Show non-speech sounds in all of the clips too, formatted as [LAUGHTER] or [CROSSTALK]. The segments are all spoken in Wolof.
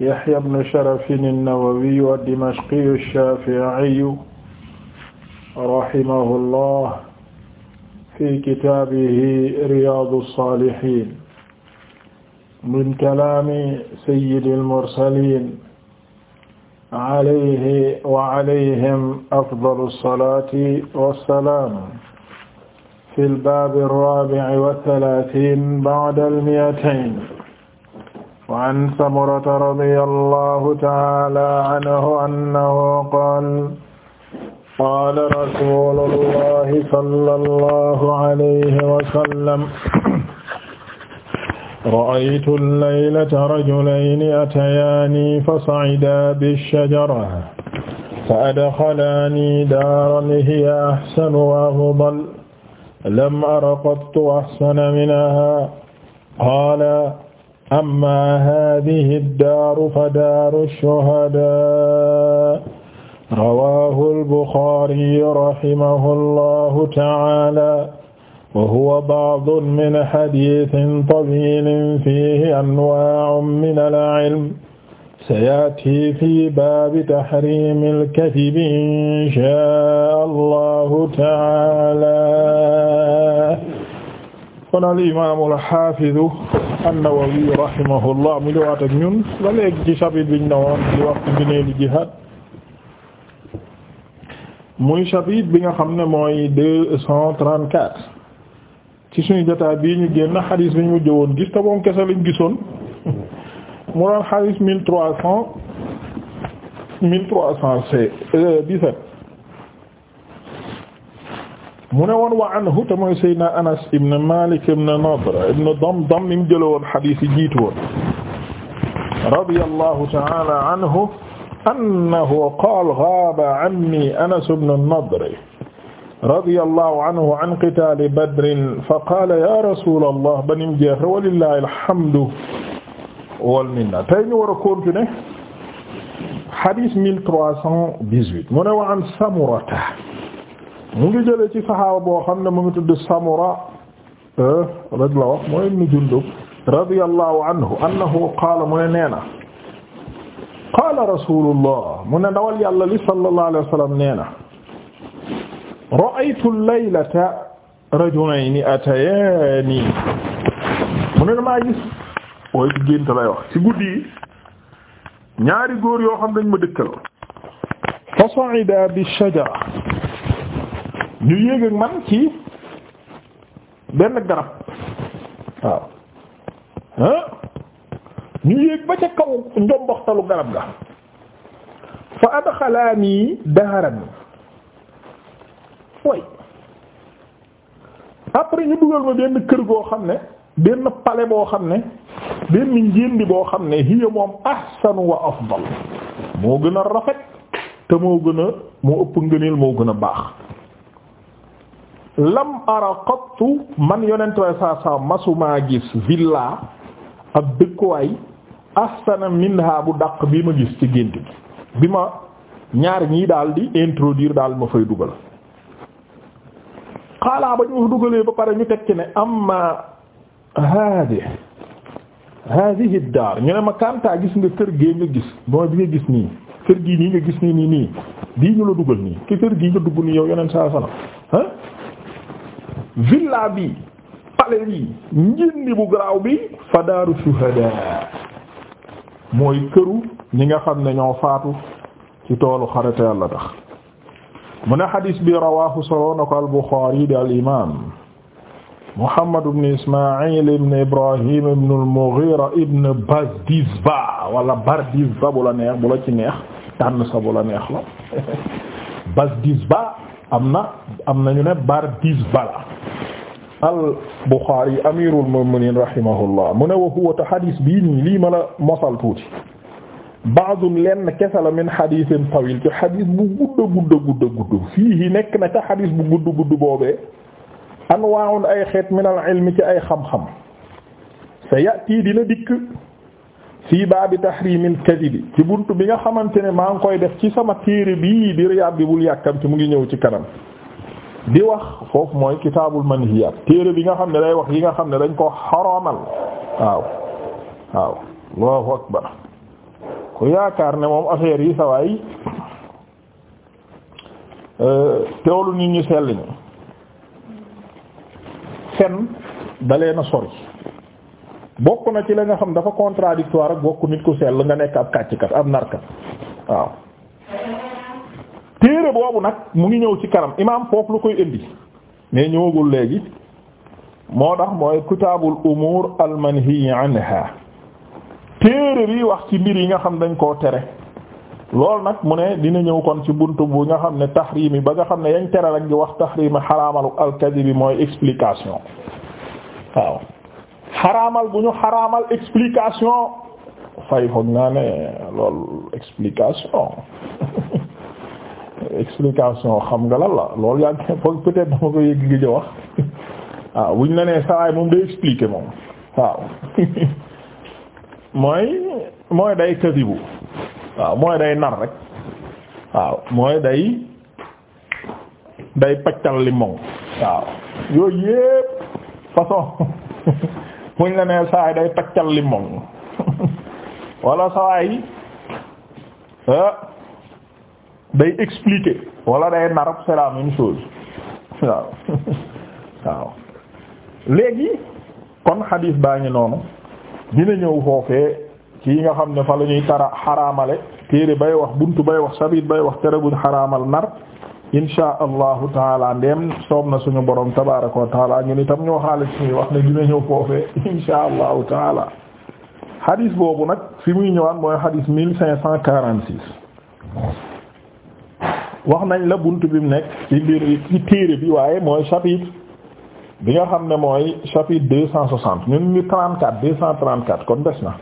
يحيى بن شرف النووي الدمشقي الشافعي رحمه الله في كتابه رياض الصالحين من كلام سيد المرسلين عليه وعليهم أفضل الصلاة والسلام في الباب الرابع والثلاثين بعد المئتين وعن سمرة رضي الله تعالى عنه أنه قال قال رسول الله صلى الله عليه وسلم رأيت الليلة رجلين أتياني فصعدا بالشجرة فأدخلاني دارا هي أحسن وأفضل لم أر قط أحسن منها قال amma haadihi daaru fa daaru shuhadaa rawaahul buxaari rahimahullahu ta'aala wa huwa ba'dun min hadiisin tawiilin fiihi anwaa'un minal ilm sayaatii fii baabi tahriimil kadhib inshaa Allahu ta'aala kon al imaam al haafiz nawawi rahimahullah mu ñëwaat ak ñun ba léegi ci chapitre bi ñu ne woon di wax ci ngëneelu jihaad muy chapitre bi nga xam ne mooy deux ci suñu jotaay bi ñu génn xadis bi ñu mujj woon gis te kese lañ gisoon mu doon xadis mille trois cent mille trois cent euh, dix-sept mu ne woon wa anhu te mooy Seydina Anas ibn Malik ibn Nadr ibn Damdam mi mu jëlee woon xadiis yi jiitu woon radiyallahu ta'ala anhu annahu qaala ghaaba anni Anas ibn Nadr radiyallahu anhu an qitaali Badrin faqaala yaa rasuulallah ba ni mu jeexee walillahi alhamdu wal minna tey ñu war a continuer xadiis 1318 mu ne wa an Samurata mu ngi jëlee ci saxaaba boo xam ne mu ngi tudd Samura euh, rek la wax mooy ibn Jundub radiyallahu anhu annahu qaala mu ne nee na qaala rasulullah mu ne dawal yàlla li sallallahu alayhi wa sallam nee na ra'aytu laylata rajulayni atayaani mu ne damaa gis wooy ci gént lay wax ci guddi yi ñaari góor yoo xam dañ ma dëkkal fa sa'ida bi shajara ñu yéeg ak man ci benn garab waaw ah ñu yéeg ba ca kaw njomboxtalu garab ga fa adxalaani daaran way après ñu dugal ma benn kër goo xam ne benn pale boo xam ne benn njëndi boo xam ne hiya moom ahsanu wa afdal moo gën a rafet te moo gën a moo ëpp ngëneel moo gën a baax lam ara qattu man yonent way saa saa masumaa gis villa ab dëkkuwaay ahsana minha bu daq bi ma gis ci gént gi bi ma ñaar ñii daal di introduire daal ma fay dugal xaalaa ba ñu ma dugalee ba pare ñu tekki ne amma hadi hadihi daar ñu ne ma kantaa gis nga kër gee nga gis mooy bi nga gis nii kër gii nii nga gis nii nii nii bii ñu la dugal nii ki kër gii nga dugg nii yow yonent saa sana ah villa bi palais bi njindi bu garaaw bi fa daaru shuhada mooy këru ñi nga xam ne ñoo faatu ci toolu xarate la tax mu ne xadis bi rawahu soloo na ko al-Bukhari di al imam Muhammad ibn Ismaïl ibn Ibrahim ibn al-Mughira ibn Bazdizba wala Bardizba bu la neex bu la ci neex tànn sa bu la neex la [LAUGHS] Bazdizba am na am nañu ne Bardizba la al Bukhari amirul mu'minin rahimahullah mu ne wa huwa ta xadis bii nii lii ma la mosal tuuti baadul lenn kese la min xadisin tawil ci xadis bu gudd gudd gudd gudd nekk na ca xadis bu gudd gudd boobee anwaa'un ay xeet min al ilmi ci ay xam-xam sa yati dina dikk fii baabi tahrimil kadibi ci bunt bi nga xamante ne maa ngi koy def ci sama téere bii di Riyaad bi bul yàkkam ci mu ngi ñëw ci kanam di wax foofu mooy kitaabul manhiyaat téere bi nga xam ne day wax yi nga xam ne dañ ko xaraamal waaw waaw allahu akbar ku yaakaar ne moom affaire yi sawaay euh, teewlu nit ñi sell ni fen dalee na sori bokk na ci la nga xam dafa contradictoire ak bokk nit ku sell nga nekk ab kàcckat ab narkat waaw téere boobu nag mu ngi ñëw ci kanam imaam foofu lu koy indi mais ñëwagul léegi moo tax mooy kitaabul umuur al manhiyi anha téere bi wax ci mbir yi nga xam dañ koo tere loolu nag mu ne dina ñëw kon ci bunt bu nga xam ne taxriim yi ba nga xam ne yañ tere rek di wax taxriim xaraamalu alkadi bi mooy explication waaw xaraamal bu ñu xaraamal explication fay foog naa ne loolu explication [LAUGHS] explication xam nga lan la loolu yaa ngi foog peut-être dama ko yëg gi di wax [LAUGHS] waaw buñ la nee sawaay moom day expliquer moom waaw [LAUGHS] mooy mooy day kadibu waaw mooy day nar rek waaw mooy day day paccal li moom waaw yooyu yépp façon [LAUGHS] buñ la nee sawaay day paccal li moom wala sawaay ah day expliquer wala day narab c'est la même waaw [LAUGHS] waaw léegi kon xadiis baa ngi noonu dina ñëw foofee ci nga xam ne fa la ñuy tara xaraamale téere bay wax buntu bay wax sabit bay wax tere buñ xaraamal nar insha allahu taala ndeem soob na suñu borom tabaaraka wa taala ñu ni tam ñoo xaalis suñuy wax ne dina ñëw foofee insha allahu taala xadiis boobu nag fi muy ñëwaan mooy xadiis mille cinq cent quarante six wax nañ la bunt bi mu nekk ci biir ci téere bi waaye mooy chapitre bi nga xam ne mooy chapitre deux cent soixante ñun ñu trente-quatre deux cent trente-quatre kon des na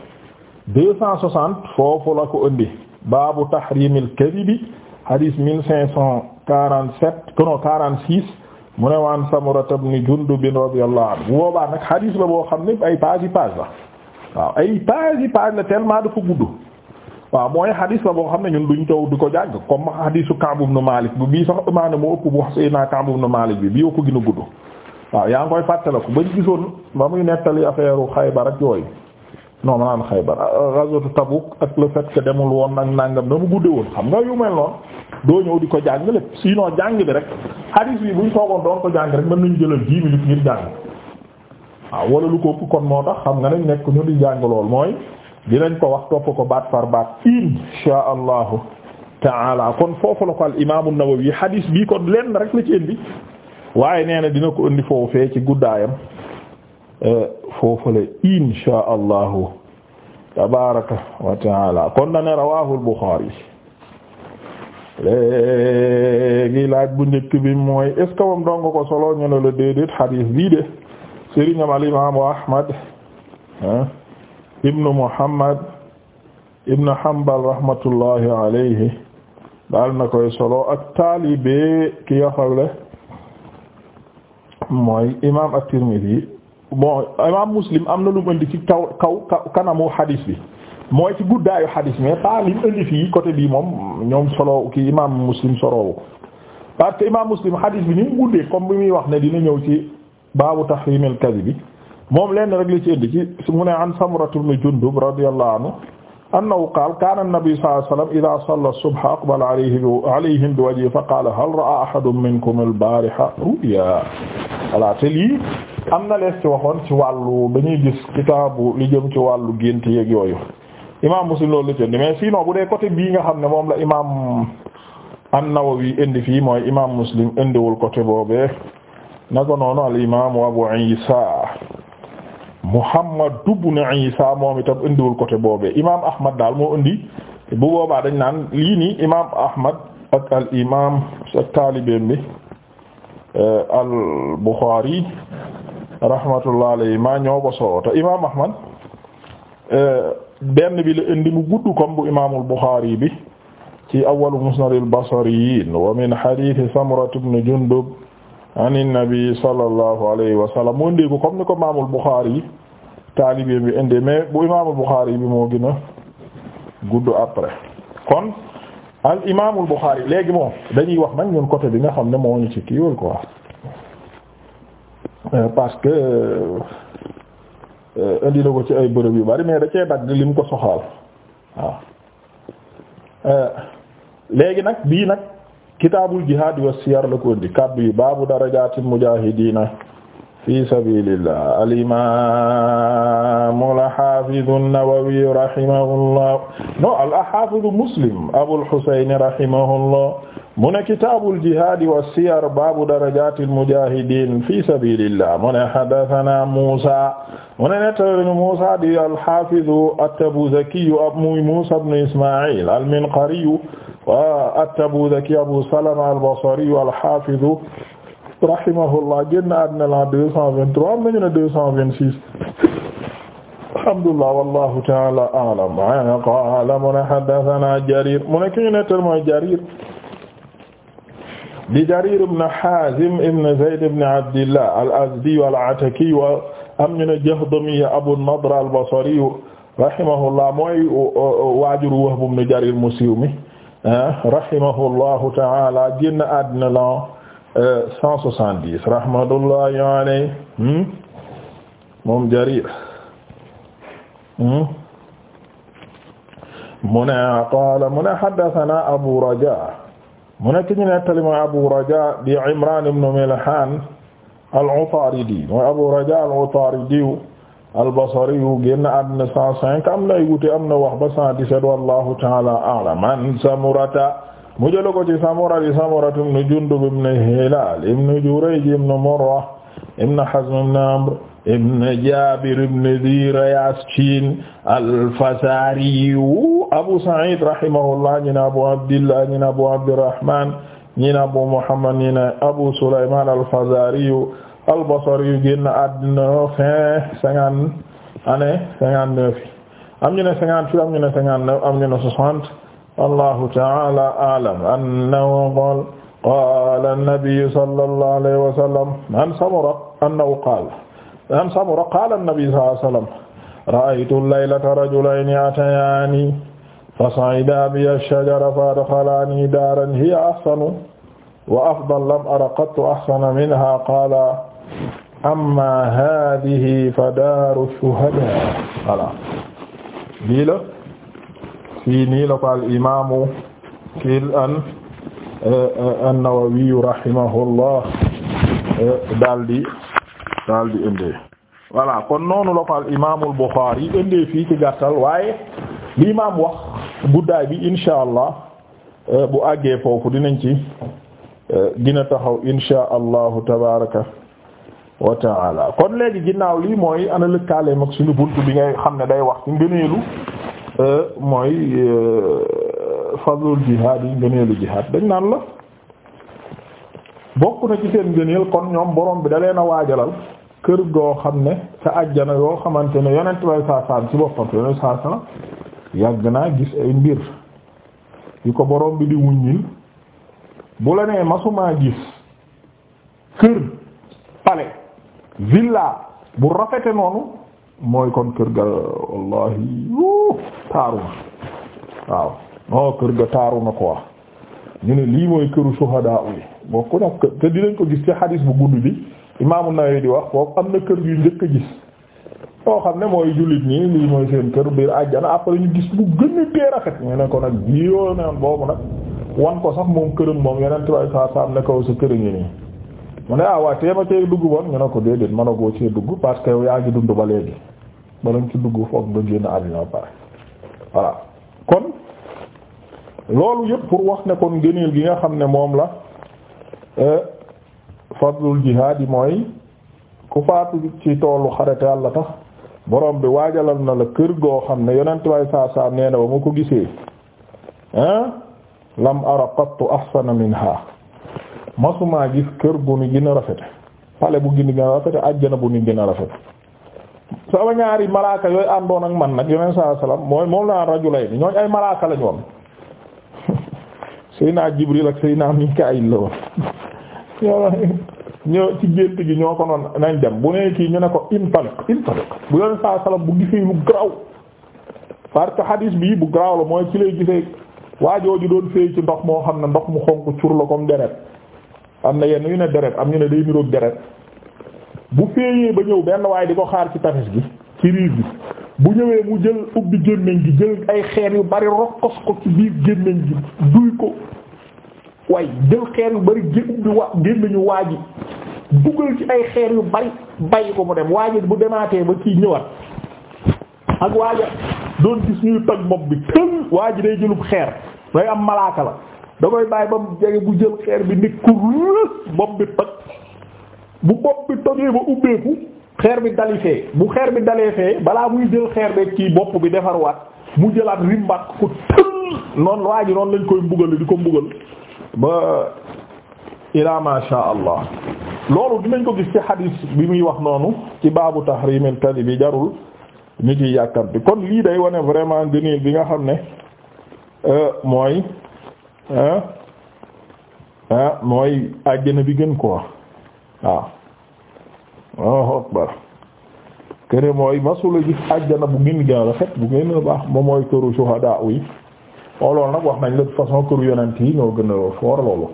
deux cent soixante foofu la ko indi baabu tahrimil bi hadith mille cinq cent quarante-sept kono quarante-six mu ne waan Samura ibn Jundub radiyallahu anhu bu boobaa nag hadith la boo xam ne ay page yi page la waaw ay page yi page la tellement dafa gudd waaw mooy hadith la boo xam ne ñun duñ taw di ko jàng comme hadithu Ka'b ibn Malik bu bii sax imaane moo ëpp bu wax Seydina Ka'b ibn Malik bi bii ko gën a gudd waaw yaa ngi koy fàttaliku bañ gisoon ba muy nettali affaire Xaybar ak yooyu non ma naan Xaybar ah, ghazwatu Tabuk ak le fait que demul woon nag nangam na mu gudde woon xam nga yu mel noonu doo ñëw di ko jàng lépp sinon jàng bi rek hadith bi buñ toogoon doon ko jàng rek mën nañu jëlal dix minutes ngir wala lu ko ëpp kon moo tax xam nga ne nekk ñu di jàng lool dinañ ko wax topp ko baat far baat insha allahu taala kon foofu la ko al imaamu Nawawi hadis bii kon lenn rek la ci indi waaye nee dina ko indi foofu fee ci guddaayam e, foofu la insha allahu tabaraka wa taala kon na ne rawahu al léegi laaj bu njëkk bi mooy est ce ko solo ñu ne la déedéet hadis bii de sëriñam al imaamu Ahmad ibnu Muhammad ibnu Hanbal rahmatullahi alayhi daal na koy solo ak taalibe ki nga mooy imaam at-Tirmidhi bon imaam Muslim am na lu mu indi ci kaw kaw kanamu hadis bi mooy ci guddaayu hadis mais pas li fii côté bii moom ñoom solo ki imaam Muslim sorowu parce que imaam Muslim hadis bi ni mu guddee comme bi muy wax ne dina ñëw ci baabu tahriimil kadhib bi moom lenn rek la ci indi ci mu ne an Samuratu ibn Jundub radiyallahu anhu annahu qaala kaana an-nabiyyu sallallahu alayhi wa sallam idhaa sallaa as-subha aqbala alayhim bi wajhihi fa qaala hal ra'aa ahadun minkum al-baariha ru'yaa voilà te lii am na lees ci waxoon ci wàllu dañuy gis kitaabu li jëm ci wàllu gént yeeg yooyu imaam Muslim loolu la ci indi mais sinon bu dee côté bii nga xam ne moom la imaam an-Nawawi indi fii mooy imaam Muslim indiwul côté boobee naka noonu al-imaam Abu Iisa Muhammad ibn Isa moom itam indiwul côté boobee imaam Ahmad daal moo indi bu boobaa dañ naan lii nii imaam Ahmad ak al imaam ak taalibeem bi euh, al Bukhari rahmatullah alayhi maa ñoo ko imaam Ahmad euh, benn bi la indi mu gudd comme bu imaamul Bukhari bi ci awwalu musnadil basariyin wa min hadiisi Samurata ibn Jundub an nabi sallallahu alayhi wa moo mu indi ko comme ni ko imaamul Buxaari taalibe bi indi mais bu imaamul yi bi moo gën a gudd après kon al imaamul Buxaari léegi moom dañuy wax nag ñun côté bi nga xam ne moo ñu ci kiiwal quoi euh, parce que euh, indi na ko ci ay bërëb yu bari mais da cee dagg lim ko soxal euh, léegi nag bii nag. kitaabul jihaad wa siyar la ko indi kaddu yi baabu darajaati mujaahidiina fi sabilillah al imaam al haafiz an-Nawawi rahimahullah no al haafiz Muslim Abul Husayn rahimahullah mu ne kitaabul jihaadi wa siyar baabu darajaatil mujaahidiin fi sabiilillah mu ne haddasanaa Muusaa mu ne nettali Muusaa di al-Haafizu at-Tabuuzaki muy Muusaa ibn Ismaa'iil al-Minqari wa at-Tabuuzaki Abu Salama al-Basri al-Haafizu rahimahullah génn àddina la 223 mu ne 226 alhamdulillah wallahu ta'aala a'lam mu ne haddasanaa Jariir mu ne ki ñu nettali mooy Jariir di Jarir ibn Hazim ibn Zayd ibn Abdillah al-Azdi al-Ataki wa am ñu ne Jahdami Abu Nadr al-Basri rahimahullah mooy uh, uh, waajur Wahb ibn Jarir mu siiw mi ah, rahimahullahu ta'ala génn àddina la 170 uh, rahmatullahi alayhi hmm? moom Jarir hmm? mu ne qaala mu ne haddathana Abu Raja' mu nekk ñu nettali mooy Abu Raja di Imran ibn Milhan al-Utaridi mooy Abu Raja al-Utaridi al-Basri yu génn àddina cent cinq am na ay wuute am na wax ba cent dix-sept wallahu ta'ala a'lam an Samurata mu jël ko ci Samura di Samura ibn Jundub ibn Hilal ibn Jurayj ibn Murra ibn Hazm ibn Amr ibn Jabir ibn Dhi Rayashin al-Fasari Abu Sa'id rahimahullah ñi na Abu Abdillah ñi na Abu Abdirrahman ñi na Abu Muhammad ñi na Abu Sulayman al-Fasari al-Basri génn àddina fin cinquante année cinquante neuf am ñu ne cinquante huit am ñu ne cinquante neuf am ñu ne soixante wallahu ta'ala a'lam annahu qala qala an-nabiy sallallahu alayhi wa sallam an Samura annahu qala am Samura qaala an-nabi sallallahu alayhi wa sallam ra'aytu laylata rajulayni atayaani fasa'idaa biya ash-shajara fa-adkhalaanii daaran hiya ahsanu wa afdal lam ara qattu ahsana minhaa qaala amma haadihi fa-daaru shuhadaa voilà lii la fii nii la ko al-imaamu kii an eh, eh, an-Nawawi rahimahullah eh, daldi daal di indee voilà kon noonu la ko al imaamul Buxaari indee fii ci gàttal waaye li imaam wax guddaay bi insha allah euh, bu àggee foofu dinañ ci dina euh, taxaw insha allahu tabaraka wa taala kon léegi ginnaaw lii mooy ana lëkkaale mag suñu buntu bi ngay xam ne day wax ci ngëneelu euh, mooy fadlul jihaad yi ngëneelu jihaad dañ naan la bokk na ci seen ngëneel kon ñoom borom bi da leen a waajalal kër goo xam ne ca àjjana yoo xamante ne yeneent bay saasaan ci boppam yonent saasaan yàgg naa gis ay mbir yu ko boroom bi di wuññil bu la nee masumaa gis kër palais villa bu rafete noonu mooy kon kër ga wallahi taaru na waaw non oh, kër ga taaru na quoi ñu ne lii mooy këru suhadaa yi bokku nag te dinañ ko gis ci hadis bu gudd bi Imaamu Nawawi di wax foofu am na kër yu njëkk a gis yoo xam ne mooy jullit ñi lii mooy seen kër biir àjjana après ñu gis bu gën a tee rafet ñu ne ko nag bii yoo neen boobu nag wan ko sax moom këram moom yeneen tubaab saa saa am ne kaw sa kër ngi nii. mu ne ah waa tee ma cee dugg woon ñu ne ko déedéet mënagoo ci dugg parce que yow yaa ngi dund ba léegi bala nga ci dugg foofu nga génn àddina ba pare voilà kon loolu yëpp pour wax ne kon gëneel gi nga xam ne moom la. Euh, fadlul jihaad yi mooy ku faatu ci toolu xare la yàlla tax borom bi waajalal na la kër goo xam ne yonent way saa saa nee na ba mu ko gisee ah lam ara qattu ahsana minha masumaa gis kër bu nu gën a rafete pale bu gën a rafete àjjana bu nu gën a rafete sama ñaari malaaka yooyu àndoon ak man nag yonent saa salaam mooy moom laa rajulay ni ñooñ ay malaaka lañu woon [LAUGHS] Jibril ak Seydina Mikaayil la woon [LAUGHS] ñoo ci gént gi ñoo ko noon nañ dem bu nee kii ñu ne ko intalik intalik bu yoon saa salam bu gisee lu graw parce que hadis bi bu graw la mooy ci lay gisee waajooju doon feey ci ndox moo xam ne ndox mu xonq cur la comme deret am na yenn yu ne deret am ñu ne day niroog deret bu feeyee ba ñëw benn waaye di ko xaar ci tafis gi ci riir bi bu ñëwee mu jël ubbi gémmiñ gi jël ay xeer yu bari rokkos ko ci biir gémmiñ gi duy ko waaye jël xeer yu bari gé ubbi wa génnañu waa ji dugal ci ay xeer yu bari bàyyi ko mu dem waa bu demaatee ba kii ñëwaat ak waa ja doon gis ñuy toj bopp bi tël ji day jëlub xeer day am malaaka la da ba mu jege bu xeer bi nit ku rës bopp bi toj bu tojee ba ubbeeku xeer bi dali fee bu xeer bi dalee fee balaa muy jël xeer beeg kii bopp bi defarwaat mu jëlaat rimbat ko tël noonu waa ji noonu lañ koy mbugal di ko mbugal ba ila ma sha allah loolu dinañ ko gis ci hadith bi muy wax noonu ci baabu tahrim al bi jarul nit yi yàkkamti kon lii day wane vraiment gëneel bi nga xam ne euh, mooy euh, euh, mooy àjjana bi gën quoi waaw waaw akbar kene mooy masula gis àjjana bu gën gaa rafet bu gën a baax moom mooy këru shuhadaa yi loolu nag wax nañu la façon këru yonent yi ñoo gën a foor loolu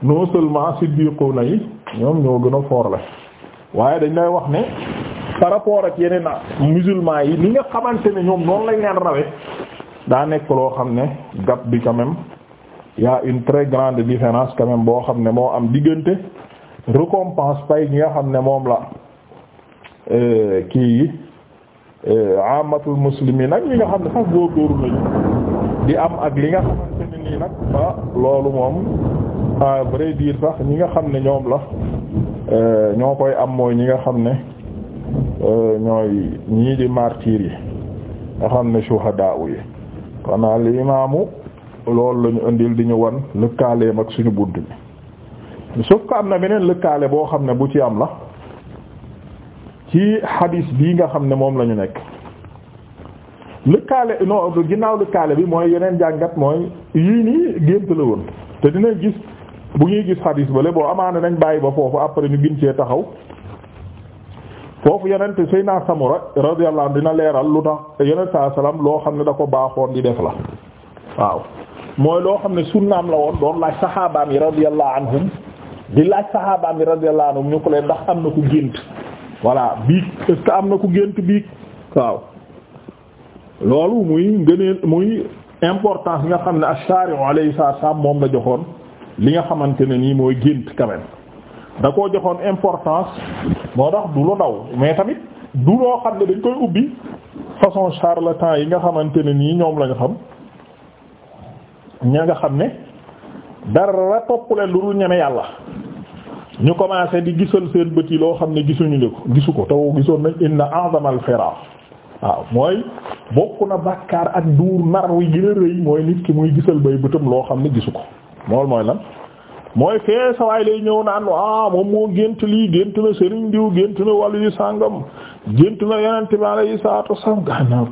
si seulement siddiquna yi ñoom ñoo gën a foor la waaye dañ lay wax ne par rapport ak yeneen musulman yi li nga xamante ne ñoom noonu lañ leen rawe daa nekk loo xam ne gap bi quand même une très grande différence quand boo xam ne moo am diggante récompense pay gi nga xam ne moom la euh, kii yi euh, amatul muslimin nag ñi nga xam ne sax góorgóorlu nañu di am ak li nga xamante ne nii nag loolu moom à vrai sax ñi nga xam ne ñoom la euh, ñoo koy am mooy ñi nga xam ne euh, ñooy ñii di martyr yi nga xam ne shuhada yi kon al imaamu loolu la indil di ñu wan lëkkaaleem ak suñu bunt bi suuf ko am na beneen lëkkaale boo xam ne bu ci am la ci hadis bii nga xam ne moom la ñu nekk. lëkkaale non ginnaaw lëkkaale bi mooy yeneen jàngat mooy yii nii gént la woon te dinañ gis bu ñuy gis xadiis bale boo amaana nañ bàyyi ba foofu après ñu gin cee taxaw foofu yonent Seydina Samura radiyallahu anhu dina leeral lu tax yonent saa salaam loo xam ne da ko baaxoon di def la waaw mooy loo xam ne sunnaam la woon doon laaj saxaabaam yi radiyallahu anhum di laaj saxaabaam yi radiyallahu anhum ñu ko leen ndax am na ku gént voilà biig am na ku gént biig waaw loolu muy ngëneel muy importance nga xam ne ash-shari'u alayhi salaam moom la joxoon li nga xamante ne nii mooy gént quand même da koo joxoon importance moo tax du lu ndaw mais tamit du loo xam ne dañ koy ubbi façon charlatan yi nga xamante ne nii ñoom la nga xam ña nga xam ne dara toppule lu dul ñeme yàlla ñu commencé di gisal seen bët yi loo xam ne gisuñu ko gisu ko te taw gisoon nañ inna a'zamal firaq waaw mooy bokk na bàkkaar ak duur nar wi gën a rëy mooy nit ki muy gisal bay bëtam loo xam ne gisu ko loolu mooy lan mooy fee sawaay lay ñëw naan ah moom moo gént lii gént na sëriñ diw gént na wàllu yu sàngam gént na yeneen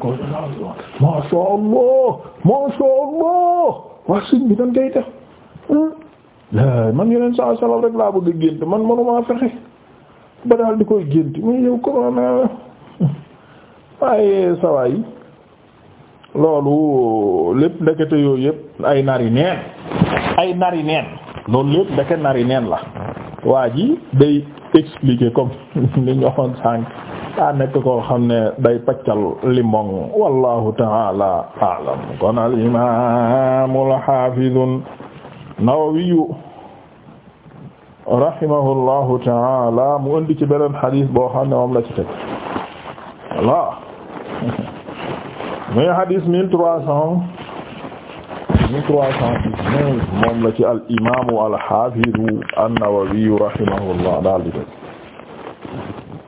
ko masha Allah masha Allah wax sëñ bi nan ngay def man yeneen saa sallam rek laa bëgg gént man manuma fexe ba daal di koy gént muy yow ko waaye sawaay loolu lépp ndekete yooyu yëpp ay nari neen ay nari neen loolu lépp ndeke nari neen la waa ji day expliquer comme [LAUGHS] ni ñu waxoon daa nekk koo xam ne day paccal limon wallahu ta'ala a'lam kon al imam al hafiz Nawawi rahimahullahu ta'ala mu indi ci beneen hadith boo xam ne moom la ci teg voilà muy hadis mille trois cent mille trois cent dix-neuf la ci al imaamu al xaafidu an-Nawawi rahimahullah daal di def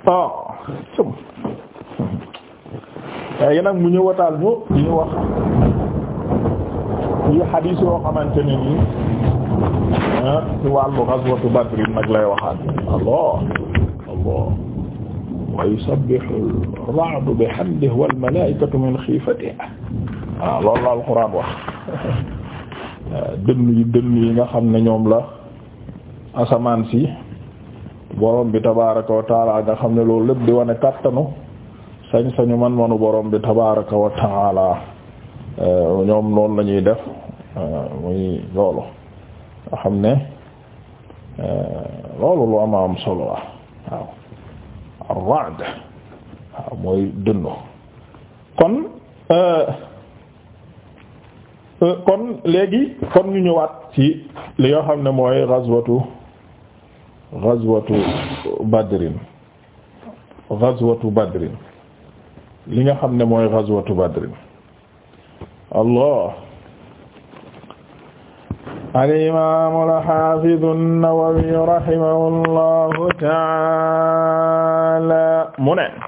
ah cëm léegi nag mu ñëwataal ñu ñu wax yi hadis yoo xamante ne nii ah, ci wàllu ghazwatu Badr nag lay waxaat Allah Allah wa yusabbihu ar-ra'du bihamdihi wal malaa'ikatu min xiifatihi waaw loolu la alxuraan wax dënn yi dënn yi nga xam ne ñoom la asamaan si borom bi tabaaraka wa taala nga xam ne loolu lépp di wane kàttanu sañ-sañu man manu borom bi tabaaraka wa ñoom noonu lañuy def muy loolu xam ne loolu lu am am solo la waaw ar-ra'd waaw mooy dënnu kon euh, euh, kon léegi kon ñu ñëwaat ci li nga xam ne mooy ghazwatu ghazwatu badrin ghazwatu badrin li nga xam ne mooy ghazwatu badrin allah al-imaam al-haafiz an-Nawawi rahimahullahu ta'aala mu ne